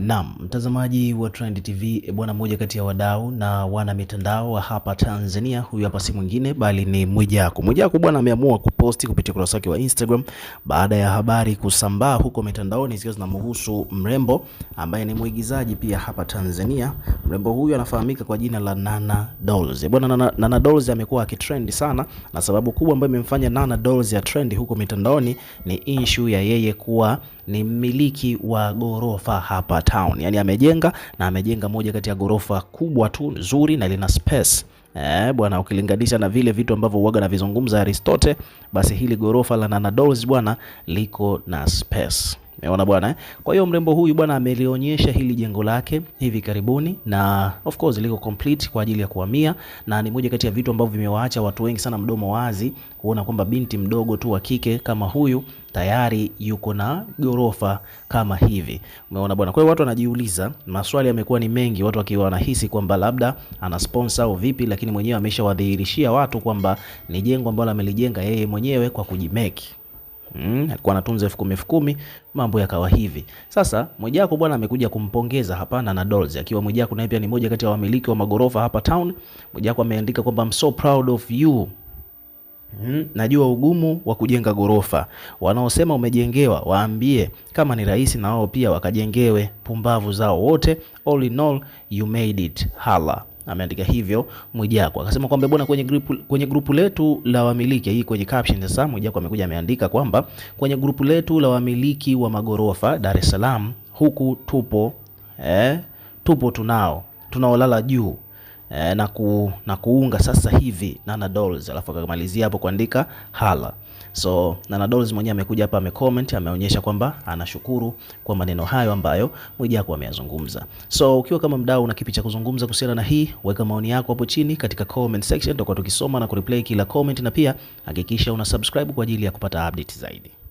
Naam, mtazamaji wa Trend TV e bwana, mmoja kati ya wadau na wana mitandao wa hapa Tanzania, huyu hapa si mwingine bali ni Mwijaku. Mwijaku bwana ameamua kuposti kupitia ukurasa wake wa Instagram baada ya habari kusambaa huko mitandaoni zikiwa zinamhusu mrembo ambaye ni mwigizaji pia hapa Tanzania. Mrembo huyu anafahamika kwa jina la Nana Dolls. E bwana Nana, Nana Dolls amekuwa akitrend sana na sababu kubwa ambayo imemfanya Nana Dolls ya trend huko mitandaoni ni issue ya yeye kuwa ni mmiliki wa ghorofa hapa town, yani amejenga na amejenga moja kati ya ghorofa kubwa tu nzuri na lina space Eh, bwana ukilinganisha na vile vitu ambavyo uwaga na vizungumza Aristote, basi hili ghorofa la Nana Dolls bwana liko na space. Umeona bwana eh? Kwa hiyo mrembo huyu bwana amelionyesha hili jengo lake hivi karibuni na of course liko complete kwa ajili ya kuhamia na ni moja kati ya vitu ambavyo vimewaacha watu wengi sana mdomo wazi kuona kwamba binti mdogo tu wa kike kama huyu tayari yuko na gorofa kama hivi. Umeona bwana. Kwa hiyo watu wanajiuliza, maswali yamekuwa ni mengi, watu wakiwa wanahisi kwamba labda ana sponsor au vipi, lakini mwenyewe ameshawadhihirishia watu kwamba ni jengo ambalo amelijenga yeye mwenyewe kwa kujimeki. Mm, alikuwa anatunza elfu kumi elfu kumi, mambo yakawa hivi. Sasa Mwijaku bwana amekuja kumpongeza hapa na Dolls, akiwa Mwijaku naye pia ni moja kati ya wamiliki wa magorofa hapa town. Mwijaku ameandika kwamba I'm so proud of you. Mm, najua ugumu wa kujenga gorofa. Wanaosema umejengewa waambie kama ni rahisi na wao pia wakajengewe, pumbavu zao wote. All in all you made it. Hala ameandika hivyo Mwijaku. Akasema kwamba bwana, kwenye grupu, kwenye grupu letu la wamiliki hii kwenye caption sasa Mwijaku amekuja ameandika kwamba kwenye grupu letu la wamiliki wa magorofa Dar es Salaam huku tupo eh, tupo tunao tunaolala juu Eh, na, ku, na kuunga sasa hivi Nana Dolls, alafu akamalizia hapo kuandika hala. So Nana Dolls mwenyewe amekuja hapa amecomment, ameonyesha kwamba anashukuru kwa maneno hayo ambayo Mwijaku ameyazungumza. So ukiwa kama mdau una kipi cha kuzungumza kuhusiana na hii, weka maoni yako hapo chini katika comment section, tutakuwa tukisoma na kureply kila comment, na pia hakikisha una subscribe kwa ajili ya kupata update zaidi.